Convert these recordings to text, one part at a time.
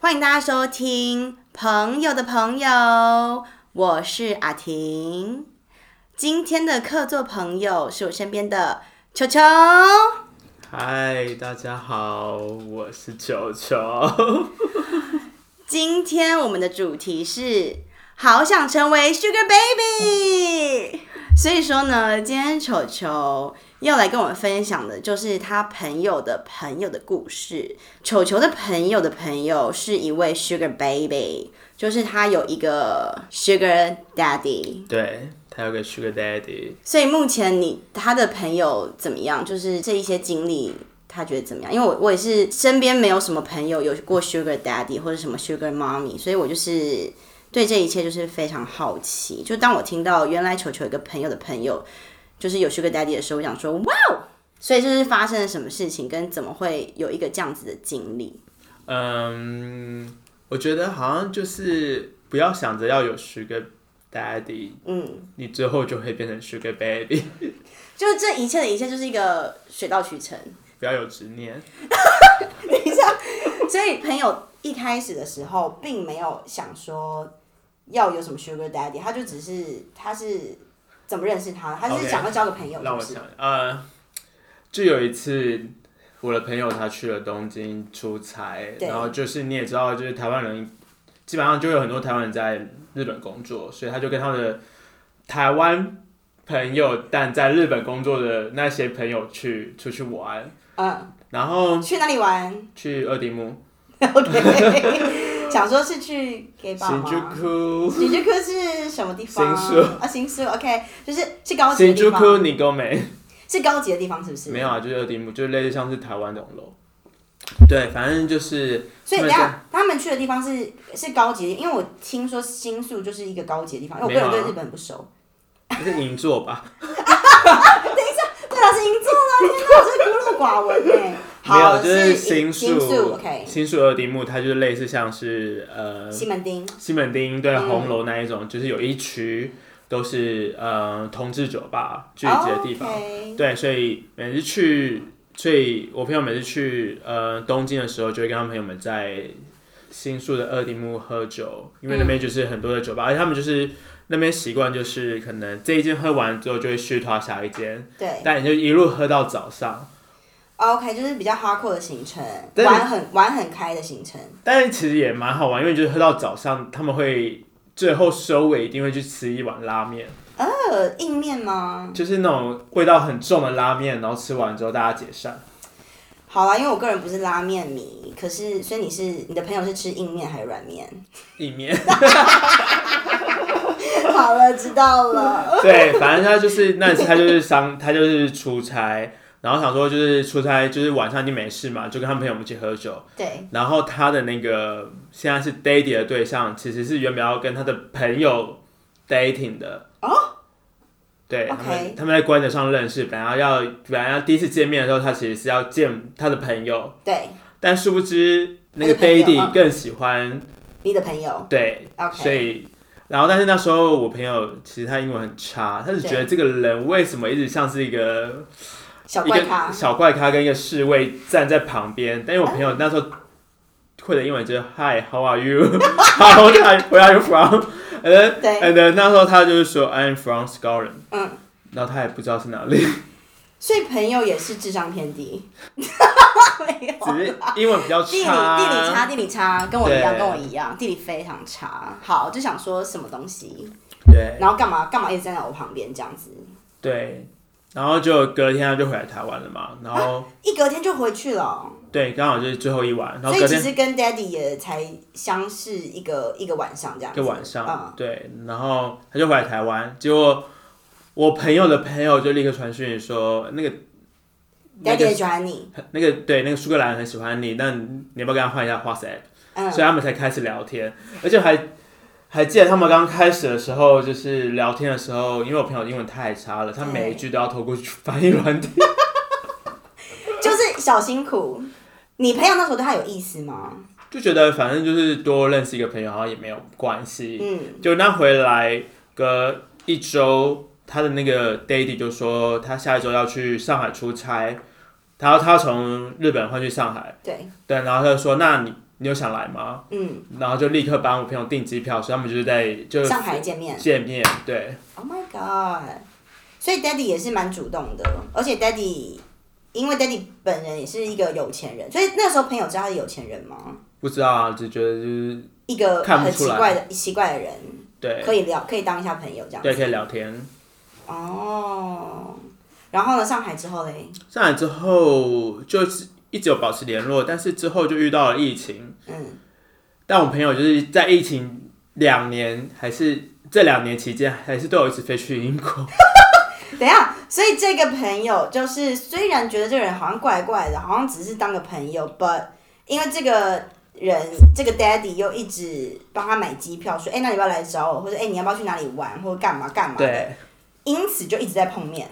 歡迎大家收聽《朋友的朋友》，我是阿婷。今天的客座朋友是我身邊的球球。Hi，大家好，我是球球。 今天我們的主題是，好想成為 Sugar Baby。所以說呢，今天球球要來跟我們分享的，就是他朋友的朋友的故事。球球的朋友的朋友是一位 Sugar Baby，就是他有一個 Sugar Daddy，對，他有個 Sugar Daddy。所以目前你他的朋友怎麼樣？就是這一些經歷，他覺得怎麼樣？因為我我也是身邊沒有什麼朋友有過 Sugar Daddy 或者什麼 Sugar Mommy，所以我就是。對這一切就是非常好奇，就當我聽到原來球球有個朋友的朋友就是有 Sugar Daddy 的時候，我想說哇哦！所以就是發生了什麼事情，跟怎麼會有一個這樣子的經歷？嗯、um,，我覺得好像就是不要想着要有 Sugar Daddy，嗯，你最後就會變成 Sugar Baby，就是這一切的一切就是一個水到渠成，不要有執念。等一下，所以朋友一開始的時候並沒有想說。要有什麼 Sugar Daddy，他就只是他是怎麼認識他，他是想要交個朋友是不是？Okay. 讓我想、呃，就有一次我的朋友他去了東京出差，然後就是你也知道，就是台灣人基本上就有很多台灣人在日本工作，所以他就跟他的台灣朋友，但在日本工作的那些朋友去出去玩，嗯、呃，然後去哪裡玩？去二丁目。Okay. 想說是去新宿，新宿是什麼地方？新宿啊，新宿 OK，就是去高級的地方。新宿你夠美，是高級的地方，你是，高級的地方是不是？沒有啊，就是二丁目，就是類似像是台灣那種樓。對，反正就是。所以，他們他們去的地方是是高級的，因為我聽說新宿就是一個高級的地方。因為我個人對日本不熟。啊、是銀座吧 、啊啊？等一下，對啊，是銀座嗎？你這老師孤陋寡聞哎。好，沒有，就是新宿，新宿，新宿、okay、新宿二丁目，它就是類似像是呃西門町，西門町對、嗯、紅樓那一種，就是有一區都是呃同志酒吧聚集的地方。哦 okay、對，所以每次去，所以我朋友每次去呃東京的時候，就會跟他們朋友們在新宿的二丁目喝酒，因為那邊就是很多的酒吧，嗯、而且他們就是那邊習慣就是可能這一間喝完之後就會續攤到下一間，對，但你就一路喝到早上。OK，就是比較 hardcore 的行程，玩很玩很開的行程。但是其實也蠻好玩，因為就是喝到早上，他們會最後收尾，一定會去吃一碗拉麵。呃、哦，硬麵嗎？就是那種味道很重的拉麵，然後吃完之後大家解散。好啦，因為我個人不是拉麵迷，可是所以你是你的朋友是吃硬麵還是軟麵？硬麵。好了，知道了。對，反正他就是那次他就是商 他就是出差。然後想說，就是出差，就是晚上你沒事嘛，就跟他朋友們去喝酒。對。然後他的那個現在是 Daddy 的對象，其實是原本要跟他的朋友 dating 的。哦。對。O K。他們他們在觀節上認識，本來要本來要第一次見面的時候，他其實是要見他的朋友。對。但殊不知，那個 Daddy 更喜歡你的朋友。Okay. 對。O K。所以，然後但是那時候我朋友其實他英文很差，他是覺得這個人為什麼一直像是一個。小怪咖，小怪咖跟一個侍衛站在旁邊，但是我朋友那時候會的英文就是、嗯、Hi, How are you? Where are you from? And, then, And then, 那時候他就是說 I'm from Scotland. 嗯，然後他也不知道是哪裡。所以朋友也是智商偏低，沒有，只是英文比較差 地理，地理差，地理差，跟我一樣，跟我一樣，地理非常差。好，就想說什麼東西，對，然後幹嘛幹嘛一直站在我旁邊這樣子，對。然後就隔天他就回來台灣了嘛，然後、啊、一隔天就回去了。對，剛好就是最後一晚，然後所以其實跟 Daddy 也才相識一個一個晚上這樣。一個晚上、嗯，對，然後他就回來台灣，結果我朋友的朋友就立刻傳訊說、嗯、那個 Daddy 也喜歡你，那個對，那個蘇格蘭人很喜歡你，但你要不要跟他換一下 WhatsApp？嗯、所以他們才開始聊天，而且還。 還記得他們剛開始的時候，就是聊天的時候，因為我朋友英文太差了，他每一句都要透過去翻譯軟件， 就是小辛苦。你朋友那時候對他有意思嗎？就覺得反正就是多認識一個朋友好像也沒有關係。嗯，就那回來隔一周，他的那個 daddy 就說他下一周要去上海出差，然後他從日本換去上海。對，對，然後他就說：“那你。”你有想來嗎？嗯，然後就立刻幫我朋友訂機票，所以他們就是在就上海見面，見面，對。Oh my God！所以 Daddy 也是蠻主動的，而且 Daddy 因為 Daddy 本人也是一個有錢人，所以那時候朋友知道他是有錢人嗎？不知道啊，只覺得就是一個看很奇怪的奇怪的人，對，可以聊，可以當一下朋友這樣，對，可以聊天。哦，oh，然後呢？上海之後嘞？上海之後就是。一直有保持聯絡，但是之後就遇到了疫情。嗯，但我朋友就是在疫情兩年還是這兩年期間，還是都有一直飛去英國。 等一下，所以這個朋友就是雖然覺得這個人好像怪怪的，好像只是當個朋友，but 因為這個人這個 Daddy 又一直幫他買機票，說：“哎、欸，那你要不要來找我？或者哎、欸，你要不要去哪裡玩？或者幹嘛幹嘛？”對，因此就一直在碰面。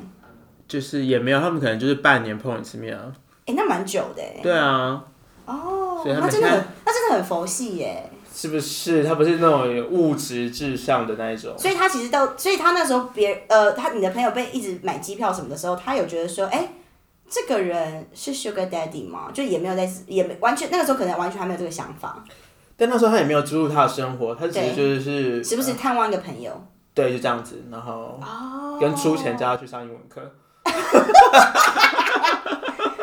就是也沒有，他們可能就是半年碰一次面啊。哎、欸，那蠻久的哎。對啊。哦，oh，他真的很，他真的很佛系耶。是不是？他不是那種物質至上的那一種。所以他其實都，所以他那時候別，呃，他你的朋友被一直買機票什麼的時候，他有覺得說，哎、欸，這個人是 sugar daddy 嗎？就也沒有在，也沒完全那個時候可能完全還沒有這個想法。但那時候他也沒有資助他的生活，他其實就是時、嗯、不時探望一個朋友。對，就這樣子，然後跟出錢叫他去上英文課。Oh.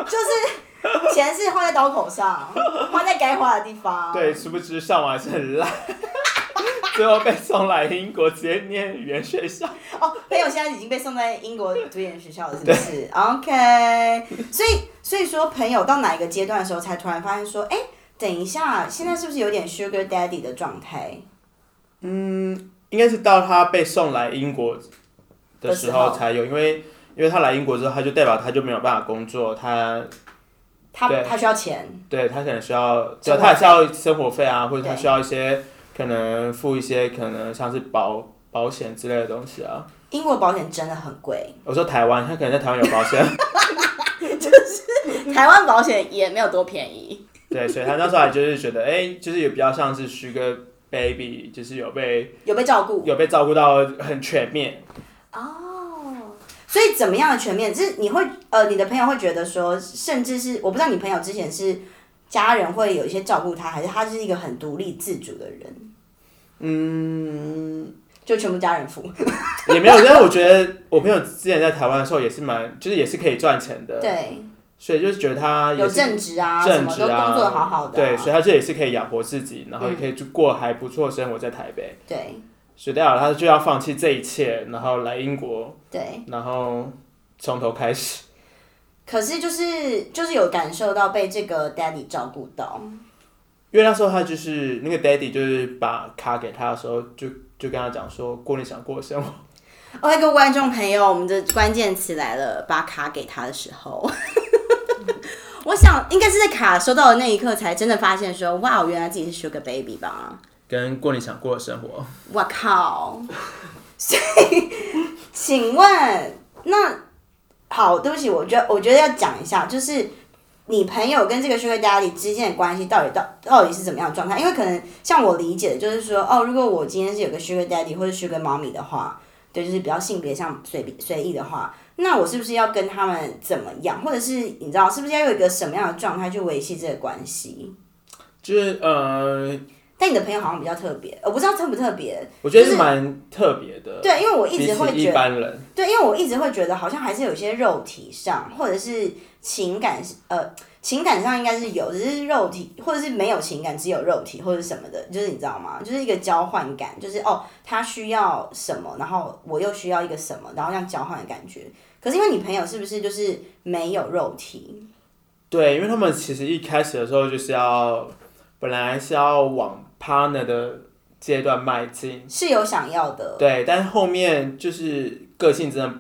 就是錢是花在刀口上，花在該花的地方。對，殊不知上網還是很爛， 最後被送來英國直接念語言學校。哦，朋友現在已經被送在英國語言學校了，是不是？OK，所以所以說朋友到哪一個階段的時候才突然發現說，哎、欸，等一下，現在是不是有點 Sugar Daddy 的狀態？嗯，應該是到他被送來英國的時候才有，因為。因為他來英國之後，他就代表他就沒有辦法工作，他他他需要錢，對他可能需要，對他還需要生活費啊，或者他需要一些可能付一些可能像是保保險之類的東西啊。英國保險真的很貴，我說台灣，他可能在台灣有保險，啊， 就是台灣保險也沒有多便宜。 對，所以他那時候就是覺得，哎、欸，就是也比較像是 Sugar baby，就是有被有被照顧，有被照顧到很全面，oh. 所以怎麼樣的全面？就是你會呃，你的朋友會覺得說，甚至是我不知道你朋友之前是家人會有一些照顧他，還是他是一個很獨立自主的人？嗯，嗯，就全部家人付也沒有，因 為我覺得我朋友之前在台灣的時候也是蠻，就是也是可以賺錢的。對。所以就是覺得他有正職啊，正職啊，工作好好的啊。對，所以他這也是可以養活自己，然後也可以就過還不錯的生活在台北。對。對學掉了，他就要放棄這一切，然後來英國，對，然後從頭開始。可是，就是就是有感受到被這個 daddy 照顧到，因為那時候他就是那個 daddy 就是把卡給他的時候就，就就跟他講說過你想過什麼。哦，各位觀眾朋友，我們的關鍵詞來了，把卡給他的時候， 嗯、我想應該是在卡收到的那一刻才真的發現說，說哇，原來自己是 sugar baby 吧。跟過你想過的生活，我靠！所以，請問，那好，對不起，我覺得我覺得要講一下，就是你朋友跟這個 sugar daddy 之間的關係到底到到底是怎麼樣的狀態？因為可能像我理解的，就是說哦，如果我今天是有個 sugar daddy 或者 sugar mommy 的話，對，就是比較性別上隨隨意的話，那我是不是要跟他們怎麼樣？或者是你知道是不是要有一個什麼樣的狀態去維繫這個關係？就是呃。但你的朋友好像比較特別，我、嗯、不知道特不特別。我覺得是蠻特別的。對，因為我一直會覺得一般人。對，因為我一直會覺得好像還是有一些肉體上，或者是情感呃情感上應該是有，只是肉體或者是沒有情感，只有肉體或者是什麼的，就是你知道嗎？就是一個交換感，就是哦，他需要什麼，然後我又需要一個什麼，然後這樣交換的感覺。可是因為你朋友是不是就是沒有肉體？對，因為他們其實一開始的時候就是要本來是要往 partner 的階段邁進是有想要的，對，但是後面就是個性真的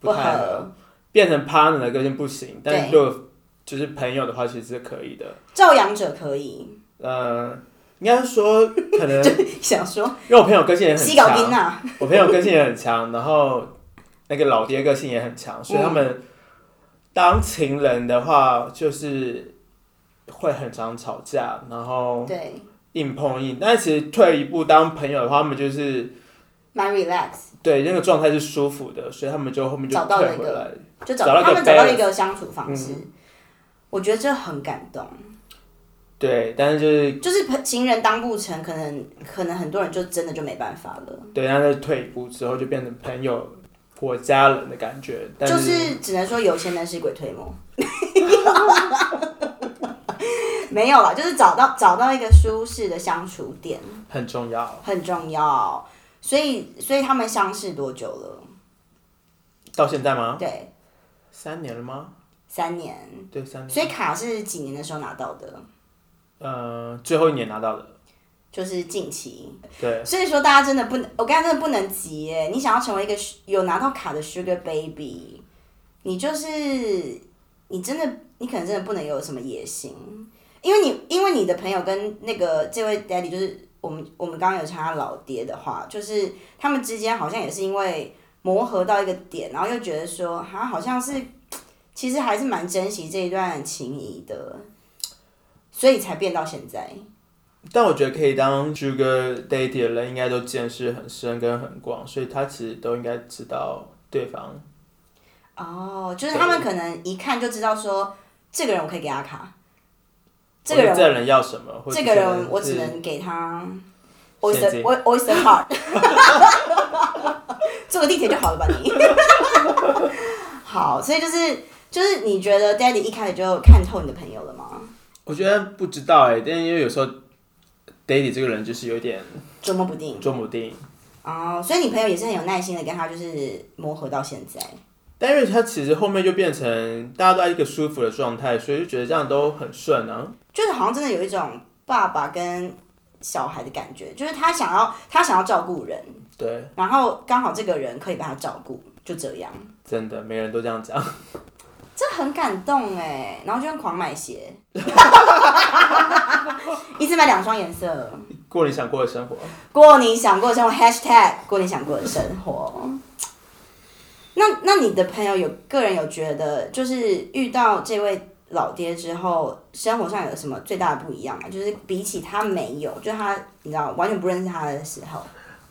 不太合，合變成 partner 的個性不行，但是就就是朋友的話其實是可以的，照養者可以。嗯、呃，應該說可能 就想說，因為我朋友個性也很強， 我朋友個性也很強，然後那個老爹個性也很強、嗯，所以他們當情人的話就是會很常吵架，然後對。硬碰硬，但是其實退一步當朋友的話，他們就是蠻 relax，對，那個狀態是舒服的，所以他們就後面就退回來，找到就找，找到他們找到一個相處方式，嗯。我覺得這很感動。對，但是就是就是情人當不成，可能可能很多人就真的就沒辦法了。對，但是退一步之後就變成朋友或家人的感覺，但，就是只能說有錢能使鬼推磨。 沒有了，就是找到找到一個舒適的相處點，很重要，很重要。所以，所以他們相識多久了？到現在嗎？對，三年了嗎？三年，對，三年。所以卡是幾年的時候拿到的？呃、嗯，最後一年拿到的，就是近期。對，所以說大家真的不能，我剛才真的不能急耶，你想要成為一個有拿到卡的 Sugar Baby，你就是你真的你可能真的不能有什麼野心。因為你，因為你的朋友跟那個這位 daddy，就是我們，我們剛剛有查他老爹的話，就是他們之間好像也是因為磨合到一個點，然後又覺得說，他好像是，其實還是蠻珍惜這一段情誼的，所以才變到現在。但我覺得可以當 sugar daddy 的人，應該都見識很深跟很廣，所以他其實都應該知道對方對。哦、oh，就是他們可能一看就知道說，這個人我可以給他卡。這個、人這個人要什麼或者這？這個人我只能給他，oyster，oyster heart 坐 個地鐵就好了吧你， 好，所以就是就是你覺得 Daddy 一開始就看透你的朋友了嗎？我覺得不知道哎、欸，但是因為有時候 Daddy 這個人就是有點捉摸不定，捉摸不定。哦、欸，oh, 所以你朋友也是很有耐心的跟他就是磨合到現在。但是他其實後面就變成大家都在一個舒服的狀態，所以就覺得這樣都很順啊。就是好像真的有一種爸爸跟小孩的感覺，就是他想要他想要照顧人，對，然後剛好這個人可以把他照顧，就這樣。真的，每人都這樣講，這很感動哎、欸。然後就跟狂買鞋， 一次買兩雙顏色。過你想過的生活。過你想過的生活 #hashtag# 過你想過的生活。那那你的朋友有個人有覺得，就是遇到這位老爹之後，生活上有什麼最大的不一樣嗎？就是比起他沒有，就他你知道完全不認識他的時候，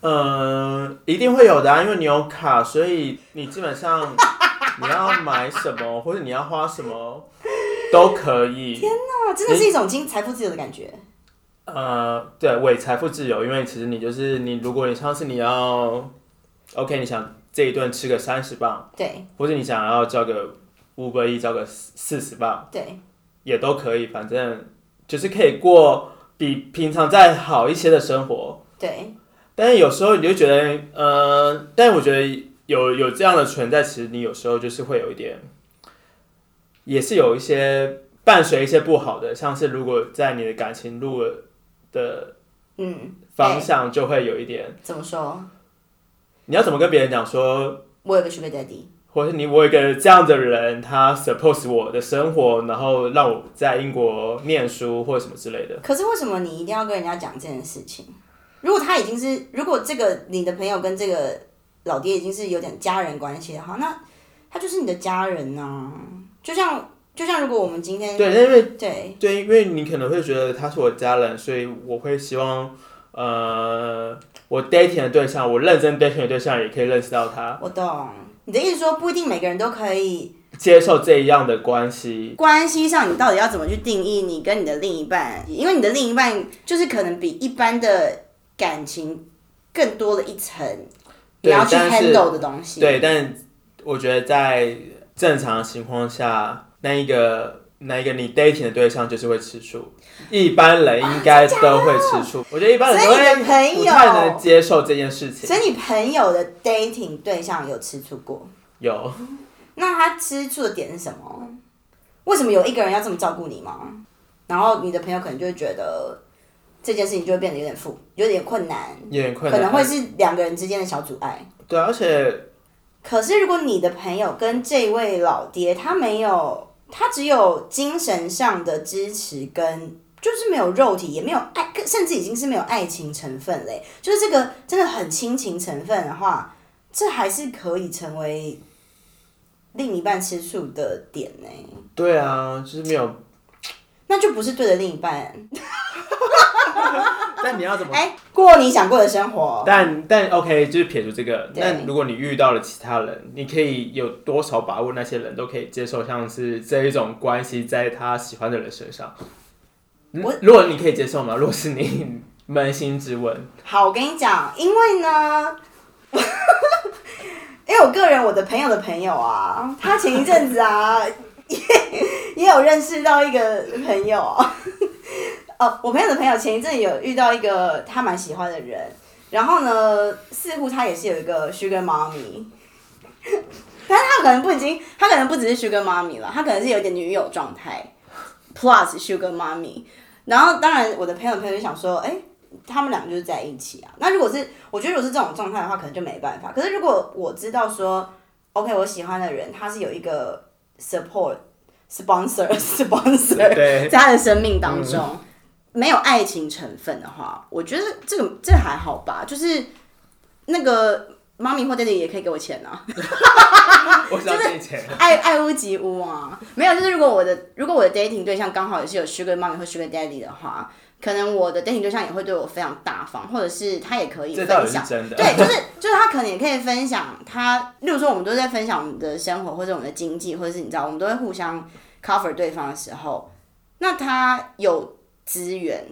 呃，一定會有的啊，因為你有卡，所以你基本上 你要買什麼或者你要花什麼都可以。天吶，真的是一種金財富自由的感覺。呃，對，偽財富自由，因為其實你就是你，如果你上次你要，OK，你想。這一頓吃個三十磅，對，或者你想要交個五個億，交個四十磅，對，也都可以，反正就是可以過比平常再好一些的生活，對。但是有時候你就覺得，呃，但我覺得有有這樣的存在，其實你有時候就是會有一點，也是有一些伴隨一些不好的，像是如果在你的感情路的，嗯，方向、欸、就會有一點，怎麼說？你要怎麼跟別人講說，我有個 sugar daddy，或者是你我有一個這樣的人，他 support 我的生活，然後讓我在英國念書或什麼之類的。可是為什麼你一定要跟人家講這件事情？如果他已經是，如果這個你的朋友跟這個老爹已經是有點家人關係的話，那他就是你的家人啊。就像就像如果我們今天對，對因為對對，因為你可能會覺得他是我的家人，所以我會希望呃。我 dating 的對象，我認真 dating 的對象也可以認識到他。我懂你的意思說，說不一定每個人都可以接受這樣的關係。關係上，你到底要怎麼去定義你跟你的另一半？因為你的另一半就是可能比一般的感情更多了一層你要去 handle 的東西。對，但我覺得在正常的情況下，那一個。那一個你 dating 的對象就是會吃醋？一般人應該都會吃醋啊。我覺得一般人都會不太能接受這件事情所，所以你朋友的 dating 對象有吃醋過？有、嗯。那他吃醋的點是什麼？為什麼有一個人要這麼照顧你嗎？然後你的朋友可能就會覺得這件事情就會變得有點負，有點困難，有點困難，可能會是兩個人之間的小阻礙。對，而且，可是如果你的朋友跟這位老爹他沒有。他只有精神上的支持跟、跟就是沒有肉體，也沒有愛，甚至已經是沒有愛情成分嘞。就是這個真的很親情成分的話，這還是可以成為另一半吃醋的點呢？對啊，就是沒有，那就不是對的另一半。 但你要怎麼？哎、欸，過你想過的生活。但但 OK，就是撇除這個。但如果你遇到了其他人，你可以有多少把握？那些人都可以接受，像是這一種關係，在他喜歡的人身上，如果你可以接受嗎？如果是你，捫心自問。好，我跟你講，因為呢，因 為、欸、我個人，我的朋友的朋友啊，他前一陣子啊， 也也有認識到一個朋友。 哦，我朋友的朋友前一陣有遇到一個他蠻喜歡的人，然後呢，似乎他也是有一個 Sugar Mommy， 但是他可能不已經，他可能不只是 Sugar Mommy 了，他可能是有點女友狀態，Plus Sugar Mommy，然後當然我的朋友朋友就想說，哎、欸，他們兩個就是在一起啊，那如果是我覺得如果是這種狀態的話，可能就沒辦法。可是如果我知道說，OK，我喜歡的人他是有一個 Support Sponsor Sponsor 對對，在他的生命當中。嗯沒有愛情成分的話，我覺得這個這個，還好吧。就是那個 mommy 或 daddy 也可以給我錢啊， 就是愛 愛屋及烏啊。 沒有，就是如果我的如果我的 dating 對象剛好也是有 sugar mommy 或 sugar daddy 的話，可能我的 dating 對象也會對我非常大方，或者是他也可以分享 對，就是就是他可能也可以分享他。他 例如說，我們都在分享我們的生活，或者我們的經濟，或者是你知道，我們都會互相 cover 對方的時候，那他有。資源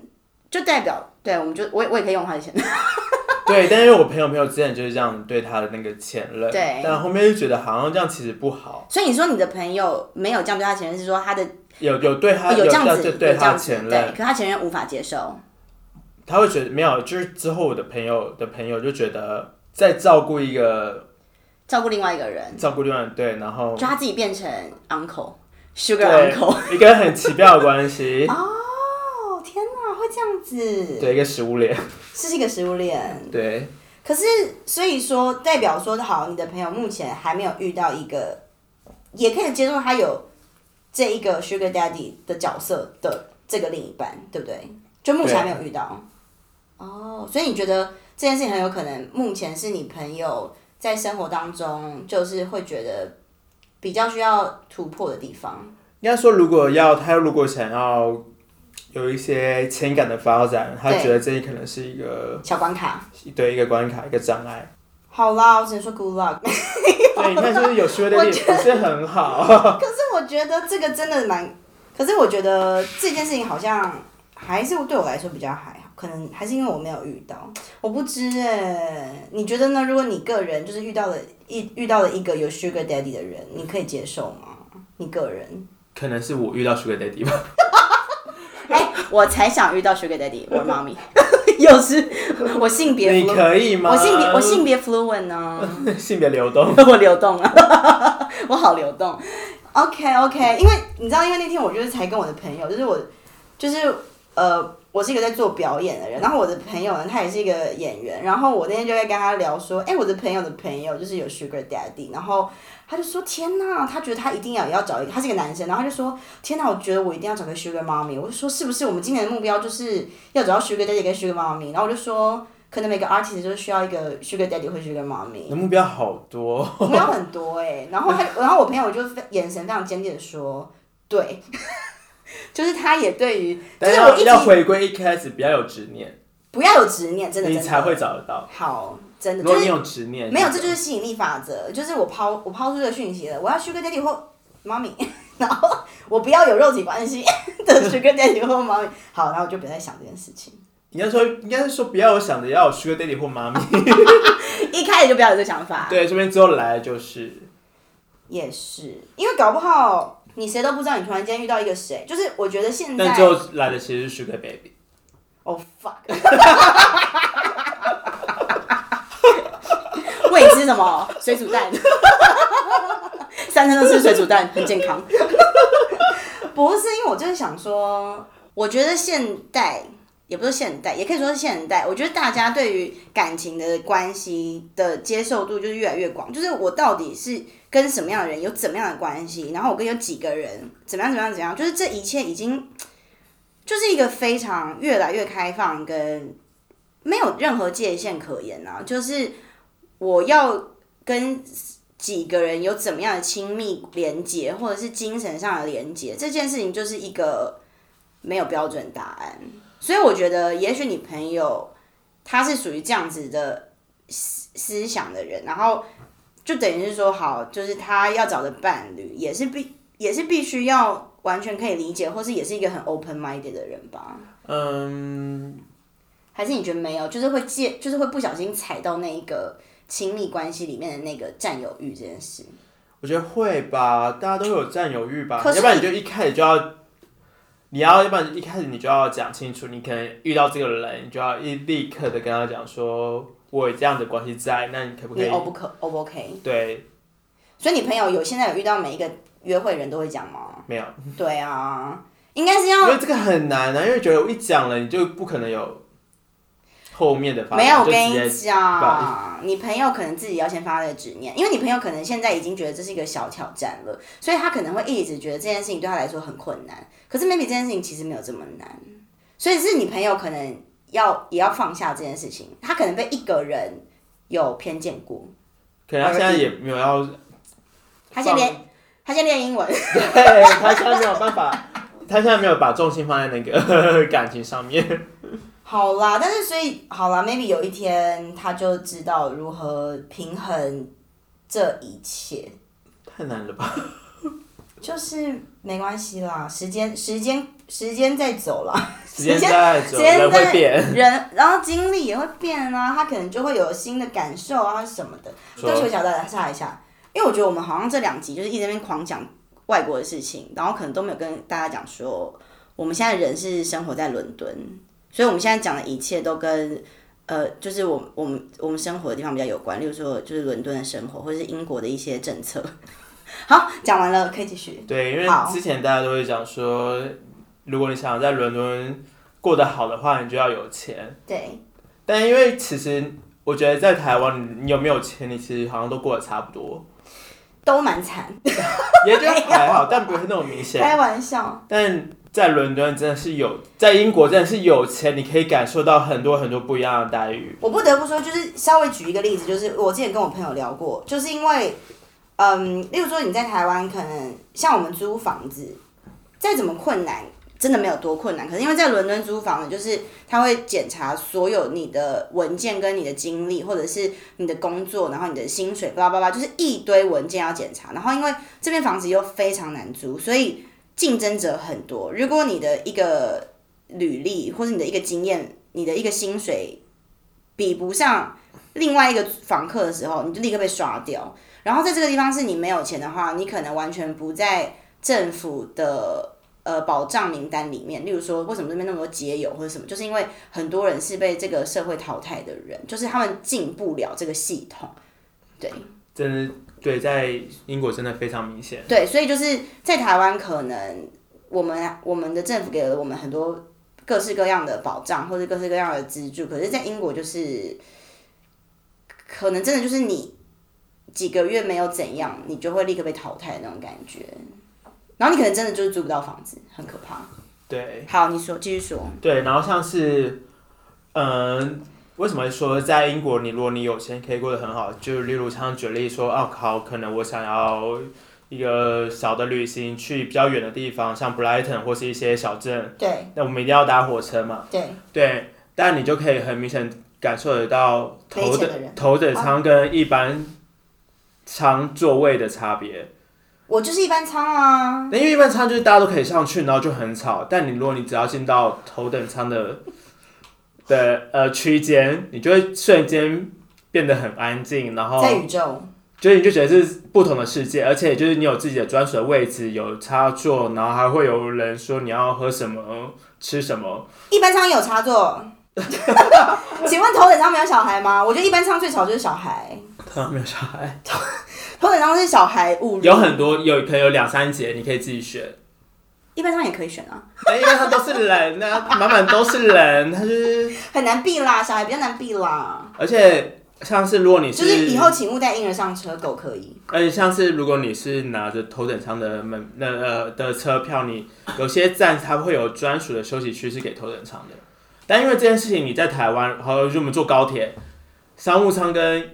就代表對，我們就我也我也可以用他的錢。 對，但因為我朋友朋友之前就是這樣對他的那個前任，對，但後面就覺得好像這樣其實不好。所以你說你的朋友沒有這樣對他前任，是說他的有有對他有這樣子對他的前任，可他前任無法接受。他會覺得沒有，就是之後我的朋友的朋友就覺得在照顧一個照顧另外一個人，照顧另外一個人對，然後抓自己變成 uncle sugar uncle，一個很奇妙的關係。 這樣子，對一個食物鏈，是一個食物鏈。對，可是所以說代表說好，你的朋友目前還沒有遇到一個，也可以接受他有這一個 Sugar Daddy 的角色的這個另一半，對不對？就目前還沒有遇到。哦、啊，oh, 所以你覺得這件事情很有可能，目前是你朋友在生活當中就是會覺得比較需要突破的地方。應該說，如果要他，如果想要。有一些情感的發展，他覺得這裡可能是一個小關卡，對，一個關卡，一個障礙。好啦，我只能說 good luck。 對，你看，就是有 sugar daddy，不是很好。可是我覺得這個真的蠻……可是我覺得這件事情好像還是對我來說比較還好，可能還是因為我沒有遇到，我不知哎。你覺得呢？如果你個人就是遇到了一遇到了一個有 sugar daddy 的人，你可以接受嗎？你個人可能是我遇到 sugar daddy 嗎？哎、欸，我才想遇到 Sugar Daddy，我媽咪，又 是我性別 flu...，你可以嗎？我性別，我性別 fluent 呢、啊， 性別流動，我流動啊， 我好流動。OK，OK，okay, okay. 因為你知道，因為那天我就是才跟我的朋友，就是我，就是呃。我是一個在做表演的人，然後我的朋友呢，他也是一個演員，然後我那天就會跟他聊說，哎、欸，我的朋友的朋友就是有 sugar daddy，然後他就說，天哪，他覺得他一定要要找一個，他是一個男生，然後他就說，天哪，我覺得我一定要找個 sugar mommy，我就說，是不是我們今年的目標就是要找到 sugar daddy 跟 sugar mommy，然後我就說，可能每個 artist 就是需要一個 sugar daddy 或 sugar mommy，目標好多， 目標很多哎、欸，然後他，然後我朋友我就眼神非常堅定的說，對。就是他，也對於，但要、就是、要回歸一開始，不要有執念，不要有執念，真的你才會找得到。好，真的。如果、就是、有執念、就是，沒有，這就是吸引力法則。就是我拋我拋出這個訊息了，我要 sugar daddy 或 mommy，然後我不要有肉體關係的 sugar daddy 或 mommy。好，然後我就不再想這件事情。應該說，應該是說不要有想着要 sugar daddy 或 mommy。 一開始就不要有這想法。對，順便最後來就是，也是因為搞不好。你誰都不知道，你突然間遇到一個誰，就是我覺得現在。但就來的其實是 sugar baby。o、oh, fuck！未知 吃什麼水煮蛋？ 三餐都是水煮蛋，很健康。不 是，因為我就是想說，我覺得現代，也不是現代，也可以說是現代，我覺得大家對於感情的關係的接受度就是越來越廣，就是我到底是。跟什麼樣的人有怎麼樣的關係？然後我跟有幾個人怎麼樣怎麼樣怎麼樣？就是這一切已經就是一個非常越來越開放，跟沒有任何界限可言啊，就是我要跟幾個人有怎麼樣的親密連接，或者是精神上的連接，這件事情就是一個沒有標準答案。所以我覺得，也許你朋友他是屬於這樣子的思想的人，然後。就等於是說，好，就是他要找的伴侶也是必也是必須要完全可以理解，或是也是一個很 open minded 的人吧。嗯，還是你覺得沒有？就是會介，就是會不小心踩到那個親密關係裡面的那個占有欲這件事。我覺得會吧，大家都會有占有欲吧，可是要不然你就一開始就要，你要要不然一開始你就要講清楚，你可能遇到這個人，你就要一立刻的跟他講說。我有這樣的關係在，那你可不可以？你 O 不可 O 不 OK？對。所以你朋友有現在有遇到每一個約會人都會講嗎？沒有。對啊，應該是要。因為這個很難啊，因為覺得我一講了，你就不可能有後面的發。沒有我跟你講，你朋友可能自己要先發他的執念，因為你朋友可能現在已經覺得這是一個小挑戰了，所以他可能會一直覺得這件事情對他來說很困難。可是 maybe 這件事情其實沒有這麼難，所以是你朋友可能。要也要放下這件事情，他可能被一個人有偏見過，可能他現在也沒有要。他現在連，他先練英文。 對他現在沒有辦法， 他現在沒有把重心放在那個 感情上面。好啦，但是所以好啦，maybe 有一天他就知道如何平衡這一切。太難了吧？ 就是沒關係啦，時間時間時間在走啦。時間在，時間在人，然後經歷也會變啊，他可能就會有新的感受啊什麼的，就求我大家一下一下。因為我覺得我們好像這兩集就是一直在那邊狂講外國的事情，然後可能都沒有跟大家講說我們現在人是生活在倫敦，所以我們現在講的一切都跟呃，就是我我們我們生活的地方比較有關，例如說就是倫敦的生活或者是英國的一些政策。好，講完了可以繼續。對，因為之前大家都會講說。如果你想在倫敦過得好的話，你就要有錢。對，但因為其實我覺得在台灣，你有沒有錢，你其實好像都過得差不多，都蠻慘，也就還好，但不是那麼明顯。開玩笑。但在倫敦真的是有，在英國真的是有錢，你可以感受到很多很多不一樣的待遇。我不得不說，就是稍微舉一個例子，就是我之前跟我朋友聊過，就是因為，嗯，例如說你在台灣，可能像我們租房子，再怎麼困難。真的沒有多困難，可是因為在倫敦租房呢，就是他會檢查所有你的文件跟你的經歷，或者是你的工作，然後你的薪水，巴拉巴拉，就是一堆文件要檢查。然後因為這邊房子又非常難租，所以競爭者很多。如果你的一個履歷或者你的一個經驗、你的一個薪水比不上另外一個房客的時候，你就立刻被刷掉。然後在這個地方是你沒有錢的話，你可能完全不在政府的。呃，保障名單裡面，例如說，為什麼這邊那麼多街友或者什麼，就是因為很多人是被這個社會淘汰的人，就是他們進不了這個系統。對，真的對，在英國真的非常明顯。對，所以就是在台灣，可能我們我們的政府給了我們很多各式各樣的保障或者各式各樣的資助，可是，在英國就是可能真的就是你幾個月沒有怎樣，你就會立刻被淘汰的那種感覺。然後你可能真的就是租不到房子，很可怕。對。好，你說，繼續說。對，然後像是，嗯，為什麼說在英國你如果你有錢可以過得很好？就例如像舉例說，啊，好，可能我想要一個小的旅行，去比較遠的地方，像 Brighton 或是一些小鎮。對。那我們一定要搭火車嘛？對。對，但你就可以很明顯感受得到頭等頭等艙跟一般艙座位的差別。啊我就是一般艙啊，那因為一般艙就是大家都可以上去，然後就很吵。但你如果你只要進到頭等艙的的呃區間，你就會瞬間變得很安靜。然後在宇宙，所以你就覺得這是不同的世界，而且就是你有自己的專屬的位置，有插座，然後還會有人說你要喝什麼、吃什麼。一般艙有插座？ 請問頭等艙沒有小孩嗎？我覺得一般艙最吵就是小孩。頭等沒有小孩。頭等艙是小孩誤入，有很多，有可能有兩三節，你可以自己選。一般上也可以選啊，欸、因為他都是人呢，滿滿都是人，他、 啊、就是很難避啦，小孩比較難避啦。而且像是如果你是，就是以後請勿帶嬰兒上車，狗可以。而且像是如果你是拿着頭等艙的門，那呃的車票，你有些站它會有專屬的休息區是給頭等艙的， 但因為這件事情你在台灣，好像就我們坐高鐵，商務艙跟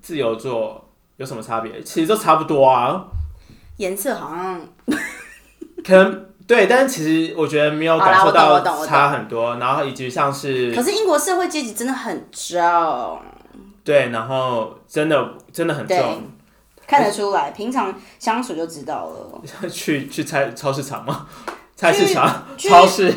自由座。有什麼差別？其實都差不多啊。顏色好像 可能對，但是其實我覺得沒有感受到差很多。我懂我懂我懂。然後以及像是，可是英國社會階級真的很重。對，然後真的真的很重，看得出來，平常相處就知道了。去去菜超市場嗎？去超市，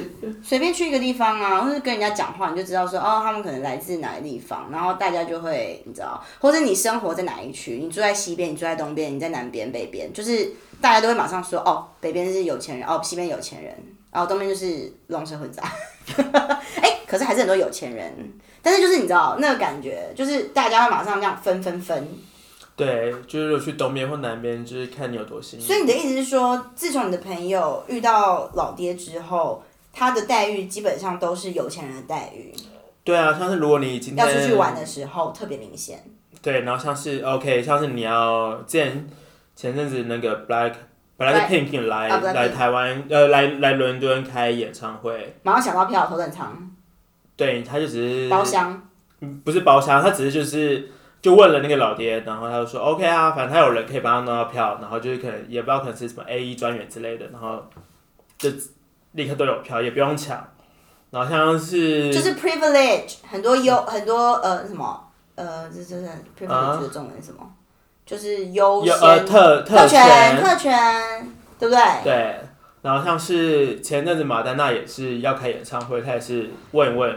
隨便去一個地方啊，或是跟人家講話，你就知道說哦，他們可能來自哪個地方，然後大家就會你知道，或者你生活在哪一區，你住在西邊，你住在東邊，你在南邊、北邊，就是大家都會馬上說哦，北邊是有錢人，哦西邊有錢人，哦東邊就是龍蛇混雜，哎、 欸，可是還是很多有錢人，但是就是你知道那個感覺，就是大家會馬上這樣分分分。對，就是去東邊或南邊，就是看你有多幸運。所以你的意思是說，自從你的朋友遇到老爹之後，他的待遇基本上都是有錢人的待遇。對啊，像是如果你今天要出去玩的時候，特別明顯。對，然後像是 OK，像是你要見前陣子那個 Black Black Pink 來來台灣，Black. 呃，來來倫敦開演唱會，馬上搶到票，頭等艙。對，他就只是包廂，嗯，不是包廂，他只是就是。就問了那個老爹，然後他就說：“OK 啊，反正他有人可以幫他弄到票，然後就是可能也不知道可能是什麼 AE 專員之類的，然後就立刻都有票，也不用搶。然後像是就是 privilege，很多優很多呃什麼呃這是就是 privilege 中文什麼？啊、就是優先呃特特，特權特權，對不對？對。然後像是前陣子馬丹娜也是要開演唱會，她也是問一問，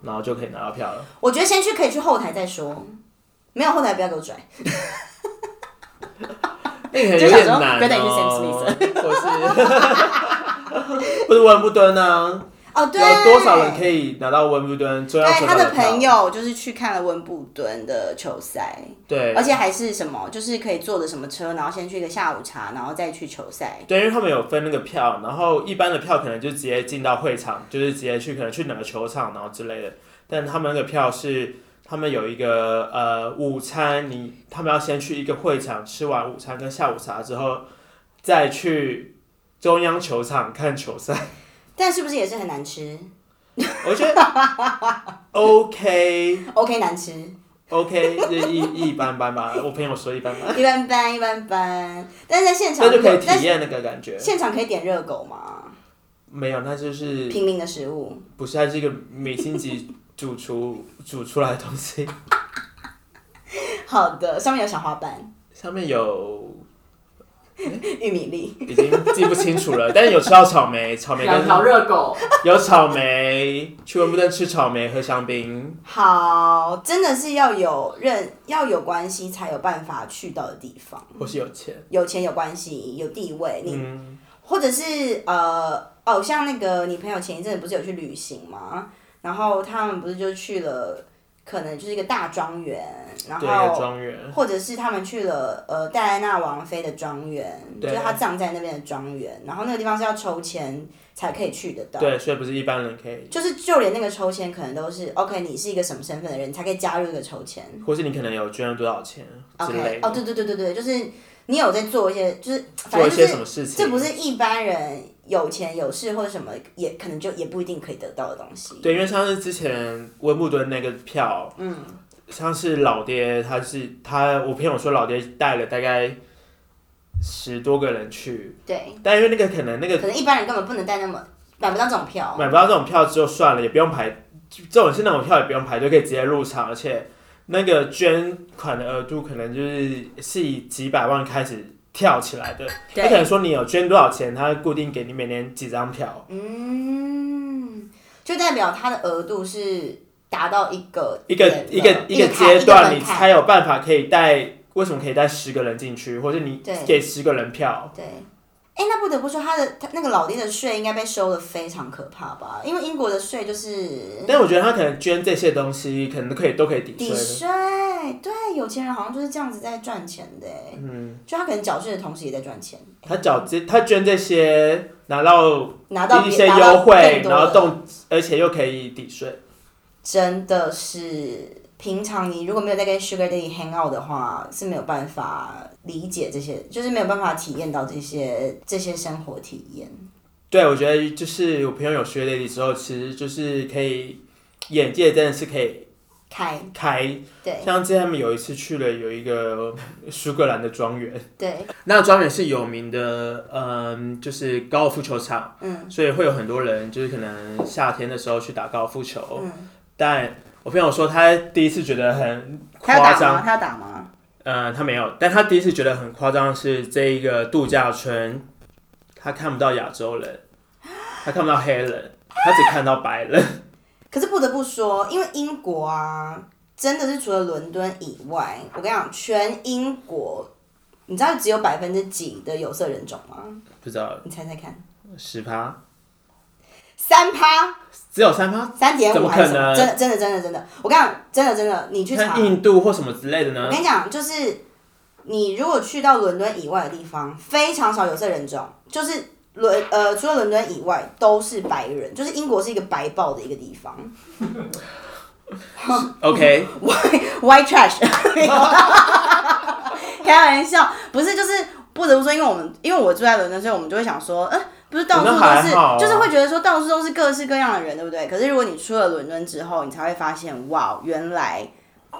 然後就可以拿到票了。我覺得先去可以去後台再說。沒有，後台不要給我拽。 就哈那個有點難、哦、 不是溫布頓啊。哦，對，有多少人可以拿到溫布頓？對，他的朋友就是去看了溫布頓的球賽。對，而且還是什麼，就是可以坐着什麼車，然後先去一個下午茶，然後再去球賽。對，因為他們有分那個票，然後一般的票可能就直接進到會場，就是直接去可能去哪個球場然後之類的，但他們那個票是。他們有一個呃午餐，你他們要先去一個會場吃完午餐跟下午茶之後，再去中央球場看球賽。但是不是也是很難吃？我覺得 OK, okay。OK 難吃。OK，一一般般吧。我朋友說一般般。一般般，一般般。但是在現場，那就可以體驗那個感覺。現場可以點熱狗嗎？沒有，那就是平民的食物。不是，它是一個米星級。 煮出煮出來的東西， 好的，上面有小花瓣，上面有、欸、玉米粒，已經記不清楚了， 但是有吃到草莓，草莓跟熱狗， 有草莓， 去溫布頓吃草莓，喝香檳，好，真的是要有認要有關係才有辦法去到的地方，或是有錢，有錢有關係有地位，你、嗯、或者是呃哦，像那個你朋友前一陣不是有去旅行嗎？然後他們不是就去了，可能就是一個大莊園，然後莊園或者是他們去了呃戴安娜王妃的莊園，對就是、他葬在那邊的莊園，然後那個地方是要抽簽才可以去得到。對，所以不是一般人可以。就是就連那個抽籤，可能都是 OK，你是一個什麼身份的人，你才可以加入這個抽簽。或是你可能有捐了多少錢 OK 哦，對、Okay. Oh, 對對對對，就是你有在做一些，就是反正、就是、做一些什麼事情，這不是一般人。有錢有勢或者什麼也，也可能就也不一定可以得到的東西。對，因為像是之前溫布頓那個票，嗯，像是老爹，他是他，我朋友說老爹帶了大概十多個人去。對，但因為那個可能那個，可能一般人根本不能帶那麼買不到這種票，買不到這種票就算了，也不用排，這種是那種票也不用排，就可以直接入場，而且那個捐款的額度可能就是是以幾百萬開始。跳起來的，他可能說你有捐多少錢，他會固定給你每年幾張票，嗯，就代表他的額度是達到一個一個一個一個階段，你才有辦法可以帶，為什麼可以帶十個人進去，或者你給十個人票，對。對哎、欸，那不得不說，他的他那個老爹的稅應該被收得非常可怕吧？因為英國的稅就是……但我覺得他可能捐這些東西，可能可以都可以抵稅。抵稅，對，有錢人好像就是這樣子在賺錢的。嗯，就他可能繳稅的同時也在賺錢。他繳這，他捐這些，拿到拿到一些優惠，然後動，而且又可以抵稅，真的是。平常你如果沒有在跟 Sugar Daddy hang out 的話，是沒有辦法理解這些，就是沒有辦法體驗到這些這些生活體驗。對，我覺得就是我朋友有 Sugar Daddy 之後，其實就是可以眼界真的是可以開開。對，像之前他們有一次去了有一個蘇格蘭的莊園，對，那莊園是有名的，嗯，就是高爾夫球場，嗯，所以會有很多人就是可能夏天的時候去打高爾夫球，嗯，但。我朋友說他第一次覺得很誇張，他要打嗎？嗯、呃，他沒有，但他第一次覺得很誇張的是，這一個度假村他看不到亞洲人，他看不到黑人，他只看到白人。 可是不得不說，因為英國啊，真的是除了倫敦以外，我跟你講，全英國，你知道只有百分之幾的有色人種嗎？不知道，你猜猜看，十趴。三趴，只有三趴，三點五，怎麼可能？還是什麼？真的真的真的真的，我跟你講，真的真的，真的，你去查印度或什麼之類的呢？我跟你講，就是你如果去到倫敦以外的地方，非常少有色人種，就是倫呃除了倫敦以外都是白人，就是英國是一個白暴的一個地方。OK，White Trash 開玩笑， 開玩笑 不是，就是不得不說，因為我們因為我住在倫敦，所以我們就會想說，呃不是到處都是、嗯啊，就是會覺得說到處都是各式各樣的人，對不對？可是如果你出了倫敦之後，你才會發現，哇，原來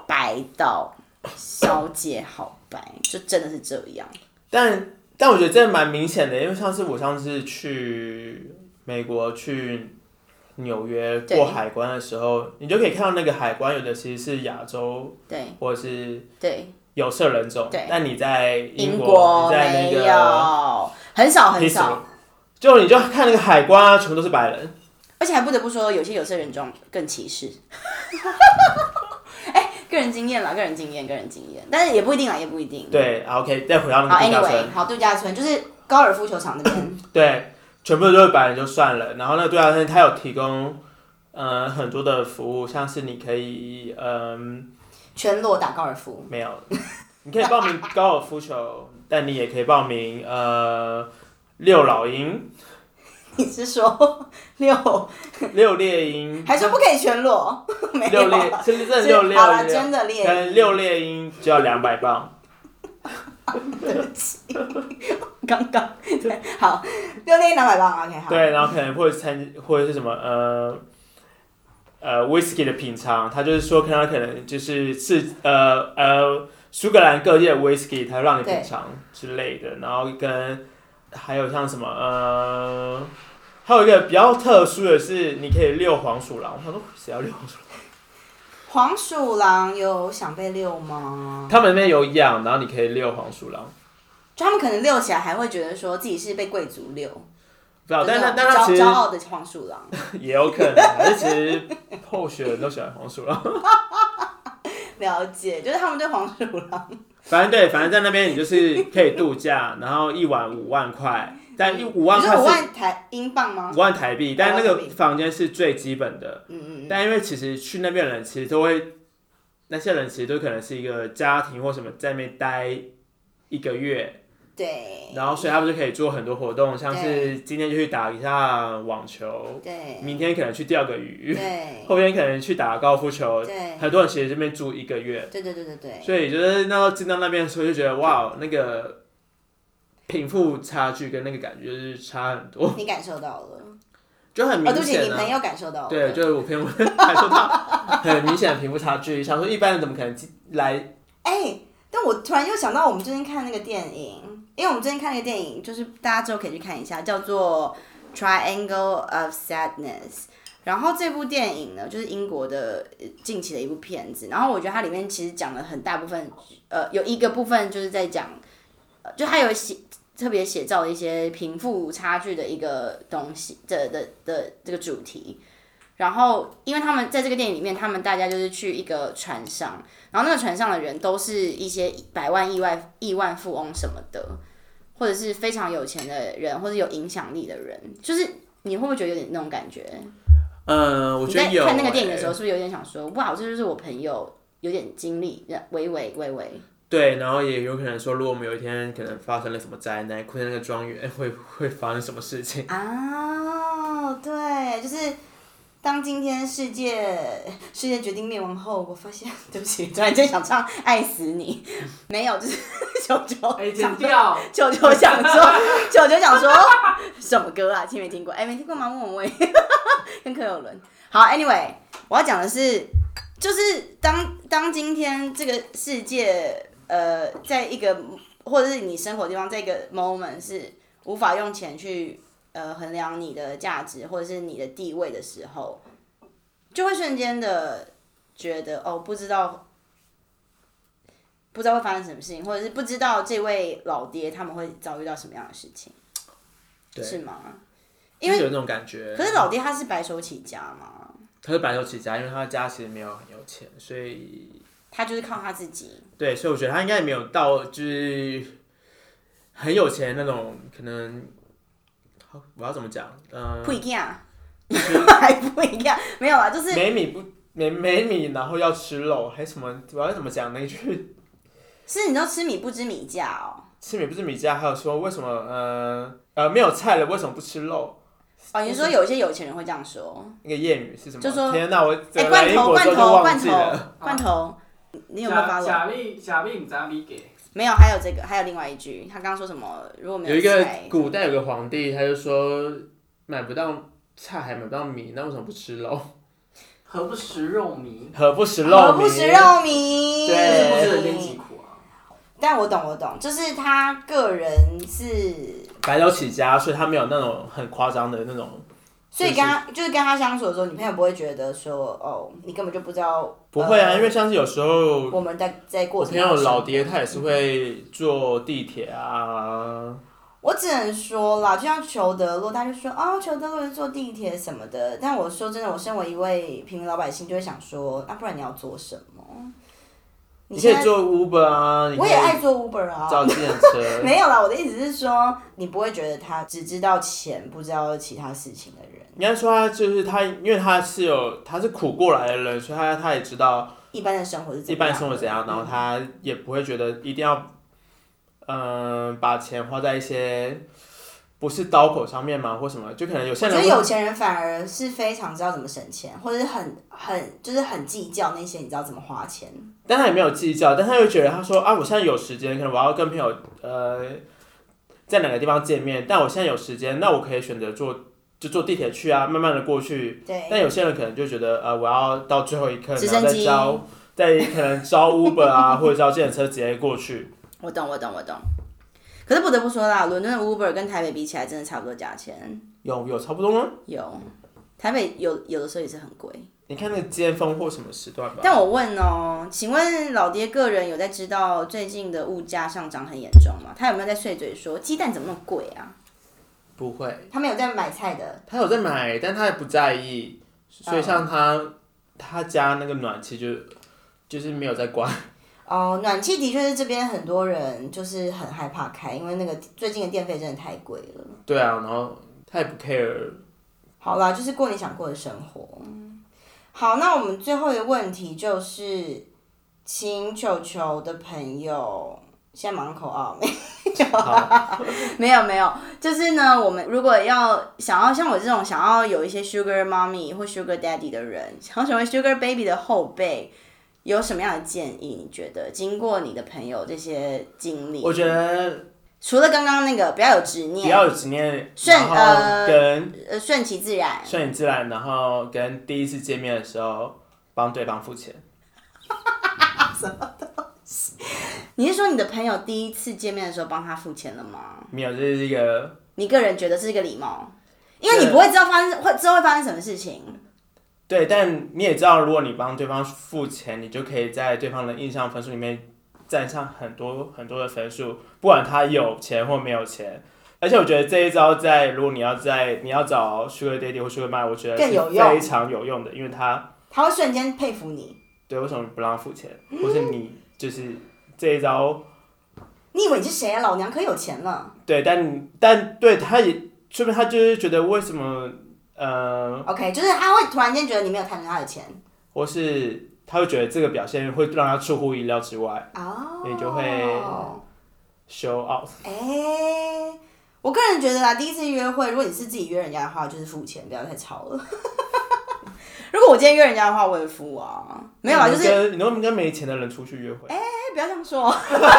白到小姐好白， 就真的是這樣。但但我覺得這蠻明顯的，因為上次我上次去美國去紐約過海關的時候，你就可以看到那個海關有的其實是亞洲，對，或者是對有色人種對，但你在英國，英國沒有，你在、那個，很少很少。就你就看那個海關、啊，全部都是白人，而且還不得不說，有些有色人種更歧視。哎、 欸，個人經驗啦，個人經驗，個人經驗，但是也不一定啦，也不一定。對，OK，再回到那個度假村。好，anyway，好度假村就是高爾夫球場那邊 對，全部都是白人就算了。然後那個度假村它有提供嗯、呃、很多的服務，像是你可以嗯、呃、全裸打高爾夫，沒有。你可以報名高爾夫球， 但你也可以報名呃。六老鷹、嗯？你是說六？六獵鷹？還是不可以全裸？啊、沒有了。好了，真的獵。跟六獵鷹就要兩百磅、 啊。對不起，剛剛 好六獵鷹兩百磅 OK 好。對，然後可能或者參或者是什麼呃呃 whisky 的品嘗，他就是說看他可能就是是呃呃蘇格蘭各地 whisky 他讓你品嘗之類的，然後跟。還有像什麼，呃，還有一個比較特殊的是，你可以遛黃鼠狼。我說，誰要遛黃鼠狼？黃鼠狼有想被遛嗎？他們那邊有養，然後你可以遛黃鼠狼。就他們可能遛起來，還會覺得說自己是被貴族遛。不知道，但他但他其實驕傲的黃鼠狼也有可能，因 為其實候選人都喜歡黃鼠狼。 了解，就是他們對黃鼠狼。反正對，反正在那邊你就是可以度假， 然後一晚五萬塊，但一五萬塊是5萬台, 5萬台英鎊嗎？五萬台幣，但那個房間是最基本的。嗯嗯。但因為其實去那邊的人其實都會，那些人其實都可能是一個家庭或什麼在那邊待一個月。對，然後所以他們就可以做很多活動，像是今天就去打一下網球，明天可能去釣個魚，後天可能去打高爾夫球，很多人其實這邊住一個月，對對對對對，所以就是那時候進到那邊的時候就覺得哇，那個貧富差距跟那個感覺就是差很多，很啊、你感受到了，就很明顯，你朋友感受到了，對，對就是我朋友感受到很明顯的貧富差距，想 說一般人怎麼可能來，哎、欸。但我突然又想到，我們之前看那個電影，因為我們之前看那個電影，就是大家之後可以去看一下，叫做《Triangle of Sadness》。然後這部電影呢，就是英國的近期的一部片子，然後我覺得它裡面其實講了很大部分，呃，有一個部分就是在講，呃，就它有寫特別寫照一些貧富差距的一個東西的的的這個主題。然後，因為他們在這個電影裡面，他們大家就是去一個船上，然後那個船上的人都是一些百萬億萬億萬富翁什麼的，或者是非常有錢的人，或者有影響力的人，就是你會不會覺得有點那種感覺？呃，嗯，我覺得有欸，在看那個電影的時候，是不是有點想說，哇，這就是我朋友有點經歷，喂喂喂喂，對，然後也有可能說，如果我們有一天可能發生了什麼災難，困在那個莊園，會會發生什麼事情啊？對，就是。當今天世界世界決定滅亡後，我發現 對不起，突然間想唱《愛死你，》 沒有就是球球想說球球 想說球球想說什麼 歌啊？聽沒聽過？哎、欸，沒聽過嗎？莫文蔚跟柯有倫。好，Anyway，我要講的是，就是當當今天這個世界呃，在一個或者是你生活的地方，在一個 moment 是無法用錢去。呃，衡量你的價值或者是你的地位的時候，就會瞬間的覺得哦，不知道，不知道會發生什麼事情，或者是不知道這位老爹他們會遭遇到什麼樣的事情，是嗎？因為有那種感覺。可是老爹他是白手起家嗎？他是白手起家，因為他的家其實沒有很有錢，所以他就是靠他自己。對，所以我覺得他應該也沒有到就是很有錢那種可能。我要怎麼講？嗯、呃，不一樣，就是、 還不一樣，沒有啊，就是沒米不沒沒米，然後要吃肉，還什麼？我要怎麼講那句？是，你都吃米不知米價，喔。吃米不知米價。還有說為什麼？嗯、呃，呃，沒有菜了，為什麼不吃肉？哦，你說有一些有錢人會這樣說，那個諺語是什麼？就說天哪，我哎、欸，罐頭罐頭罐頭罐頭，你有沒有發了？假米假米，唔知米價。沒有，還有這個，還有另外一句，他剛剛說什麼？如果沒有，有一個古代有個皇帝，他就說買不到菜還買不到米，那為什麼不吃肉？何不食肉糜？何不食肉糜？何不食肉糜。對，這是疾苦，但我懂，我懂，就是他個人是白手起家，所以他沒有那種很誇張的那種。所以跟他是就是跟他相處的時候，女朋友不會覺得說哦，你根本就不知道。不會啊，呃、因為像是有時候我們在在過程。女朋友老爹他也是會坐地鐵啊。我只能說啦，就像裘德洛，他就說哦，裘德洛是坐地鐵什麼的。但我說真的，我身為一位平民老百姓，就會想說，那、啊、不然你要做什麼？你，現在你可以坐 Uber 啊！我也愛坐 Uber 啊、哦！造計的車 沒有啦，我的意思是說，你不會覺得他只知道錢，不知道其他事情的人。你要說他就是他，因為他是有他是苦過來的人，嗯、所以他他也知道一般的生活是怎樣，一般生活怎樣、嗯。然後他也不會覺得一定要嗯、呃、把錢花在一些。不是刀口上面嗎？或什麼，就可能有些人。我覺得有錢人反而是非常知道怎麼省錢，或者是很很就是很計較那些你知道怎麼花錢。但他也沒有計較，但他又覺得他說啊，我現在有時間，可能我要跟朋友呃在哪個地方見面，但我現在有時間，那我可以選擇坐就坐地鐵去啊，慢慢的過去。對。但有些人可能就覺得呃，我要到最後一刻，然後再招在可能招 Uber 啊， 或者招這輛車直接過去。我懂，我懂，我懂。可是不得不說啦，倫敦的 Uber 跟台北比起來，真的差不多價錢。有有差不多嗎？有，台北有有的時候也是很貴。你看那個尖峰或什麼時段吧。但我問哦、喔，請問老爹個人有在知道最近的物價上漲很嚴重嗎？他有沒有在碎嘴說雞蛋怎麼那麼貴啊？不會。他沒有在買菜的。他有在買，但他也不在意，所以像他、嗯、他家那個暖氣就就是沒有在關。哦，暖氣的確是這邊很多人就是很害怕開，因為那個最近的電費真的太貴了。對啊，然後太不 care。好啦，就是過你想過的生活。嗯。好，那我們最後一個問題就是，請球球的朋友，現在忙口啊，沒， 沒有沒有，就是呢，我們如果要想要像我這種想要有一些 Sugar Mommy 或 Sugar Daddy 的人，想要成為 Sugar Baby 的後輩有什麼樣的建議？你覺得經過你的朋友這些經歷，我覺得除了剛剛那個不要有執念，不要有執念，順，然後跟呃順其自然，順其自然，然後跟第一次見面的時候幫對方付錢 什麼東西。你是說你的朋友第一次見面的時候幫他付錢了嗎？沒有，就是、這是一個你個人覺得是一個禮貌，因為你不會知道發生會之後會發生什麼事情。對，但你也知道，如果你幫對方付錢，你就可以在對方的印象分數裡面占上很多很多的分數，不管他有錢或沒有錢。而且我覺得這一招在，在如果你要在你要找 Sugar Daddy 或 Sugar ma，我覺得是非常有用的，因為他他會瞬間佩服你。對，為什麼不讓付錢？不、嗯、是你，就是這一招。你以為你是誰啊？老娘可有錢了。對，但但對，他也說明他就是覺得為什麼。嗯 OK 就是他會突然間覺得你沒有談出他的錢，或是他會覺得這個表現會讓他出乎意料之外，哦，你就會 show out。哎、欸，我個人覺得啦，第一次約會，如果你是自己約人家的話，就是付錢，不要太吵了。 如果我今天約人家的話，我也付啊，沒有啊、欸，就是你能不能跟沒錢的人出去約會？哎、欸，不要這麼說，哎、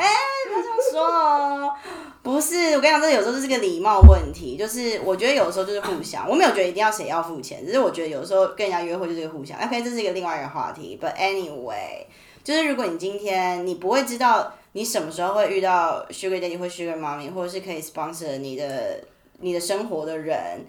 欸，不要這麼說。 不是，我跟你講，這有時候就是個禮貌問題。就是我覺得有的時候就是互相，我沒有覺得一定要誰要付錢。只是我覺得有時候跟人家約會就是個互相。OK，這是一個另外一個話題。But anyway，就是如果你今天你不會知道你什麼時候會遇到 Sugar Daddy 或 Sugar Mommy，或者是可以 sponsor 你的你的生活的人，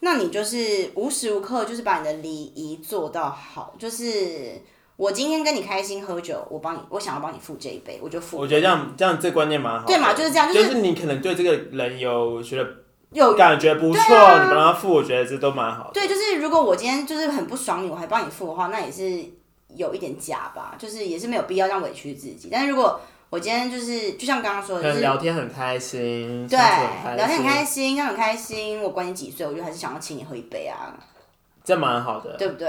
那你就是無時無刻就是把你的禮儀做到好，就是。我今天跟你開心喝酒，我幫你，我想要幫你付這一杯，我就付一杯。我覺得這樣這樣這觀念蠻好的。對嘛，就是這樣、就是。就是你可能對這個人有覺得有感覺不錯、啊，你幫他付，我覺得這都蠻好的。對，就是如果我今天就是很不爽你，我還幫你付的話，那也是有一點假吧，就是也是沒有必要這樣委屈自己。但是如果我今天就是就像剛剛說的是，聊天很開心，對，聊天很開心，聊很開心，我管你幾歲，我就還是想要請你喝一杯啊，這蠻好的，對不對？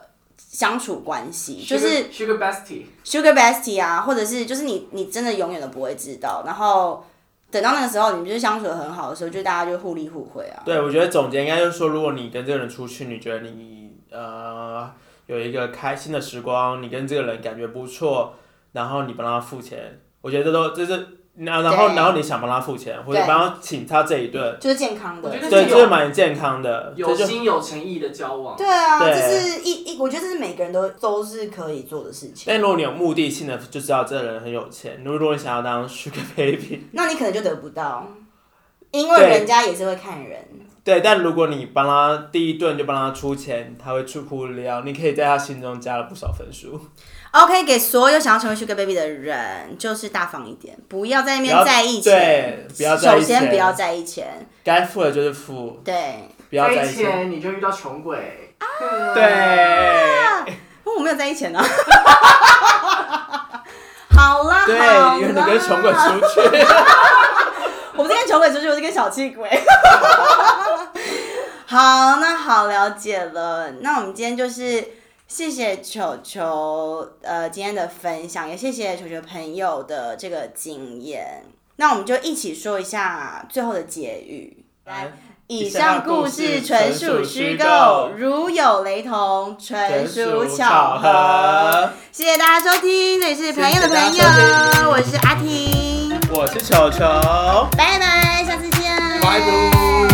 相處關係就是 sugar bestie，sugar bestie 啊，或者是就是你你真的永遠都不會知道，然後等到那個時候你們就是相處的很好的時候，就大家就互利互惠啊。對，我覺得總結應該就是說，如果你跟這個人出去，你覺得你呃有一個開心的時光，你跟這個人感覺不錯，然後你幫他付錢，我覺得都這都就是。然然後然後你想幫他付錢，或者幫他請他這一頓，就是健康的，對，就是蠻健康的，有心有誠意的交往，就對啊對，這是一一，我覺得這是每個人都都是可以做的事情。但如果你有目的性的就知道這人很有錢，如果你想要當 sugar baby，那你可能就得不到，因為人家也是會看人。對，對，但如果你幫他第一頓就幫他出錢，他會出乎意料，你可以在他心中加了不少分數。OK，給所有想要成為 Sugar Baby 的人，就是大方一點，不要在那邊在意錢。對，不要，首先不要在意錢，該付的就是付。對，不要在意錢，你就遇到窮鬼。對，那、啊啊、我沒有在意錢呢、啊。 好啦，對，你跟窮鬼出去。 我不是跟窮鬼出去，我是跟小氣鬼。 好，那好，了解了。那我們今天就是。謝謝球球，呃，今天的分享也謝謝球球朋友的這個經驗，那我們就一起說一下最後的結語。來，以上故事純屬虛構，如有雷同，純屬巧合。謝謝大家收聽，這裡是朋友的朋友謝謝，我是阿婷，我是球球，拜拜，下次見。Bye bye.